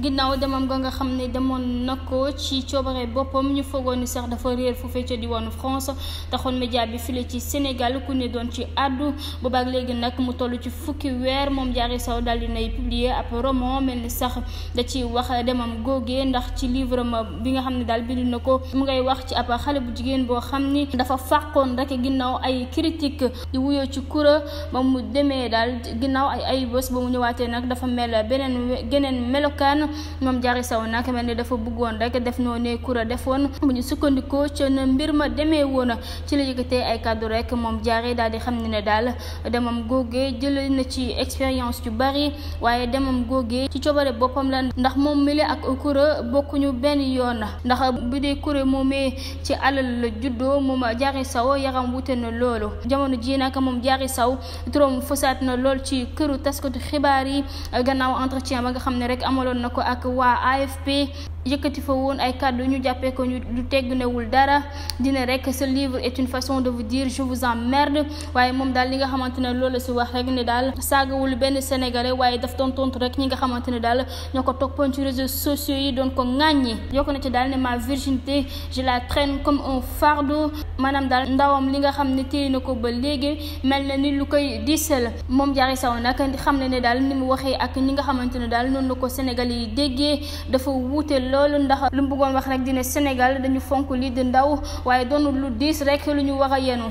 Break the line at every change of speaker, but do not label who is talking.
ginnaaw demam ga nga xam ne demoon na ko ci coobare boppam ñu foogoon ni sax dafa réer fu fecce diwaanu France taxoon média bi file ci Sénégal ku ne doon ci àddu boobaak léegi nag mu toll ci fukki weer moom Diary Sow daal di nay publier ab roman mel ni sax da ciy wax demam googee ndax ci livre ma bi nga xam ne daal bind na ko mu ngay wax ci ab xale bu jigéen boo xam ni dafa fàqoon rek ginnaaw ay critique di wuyoo ci kura ba mu demee daal ginnaaw ay ay bés ba nag moom Diary Sow nag mel ni dafa bëggoon rek def noo ne kura defoon bu ñu sukkandikoo ca na mbir ma demee woon ci la yëkkatee ay kàddu rek moom Diary daal di xam ne ne daal demam googee jëlee na ci expérience yu bari waaye demam googee ci coobare boppam la ndax moom meli ak kura bokkuñu benn yoon na ndax bu dee kura moomee ci alal la juddoo moom Diary saw yaram wute na loolu jamono ji nag moom Diary saw turam fësaat na lool ci këru taskatu xibaar yi gannaaw entretien ba nga xam ne rek ko ak waa AFP yëkkati fa woon ay kàddu ñu jàppee ko ñu lu tegginewul dara dina rek ce livre est une façon de vous dire je vous emmerde waaye moom daal li nga xamante ne loolu la si wax rek ne daal saagawul benn sénégalais waaye daf doon rek ñi nga xamante ne daal ñoo ko toppoon ci réseau sociaux yi doon ko ŋàññi yokk na ci daal ne ma virginité je la traîne comme un fardeau maanaam daal ndawam li nga xam ne téye na ko ba léegi mel na ni lu koy diisal moom jaari saw nag xam ne ne daal ni mu waxee ak ñi nga xamante ne daal noonu la ko sénégalais yi déggee dafa wuute loolu ndax lu mu bëggoon wax rek dina Sénégal dañu fonk lii di ndaw waaye doonul lu diis rek lu ñu wax a yenu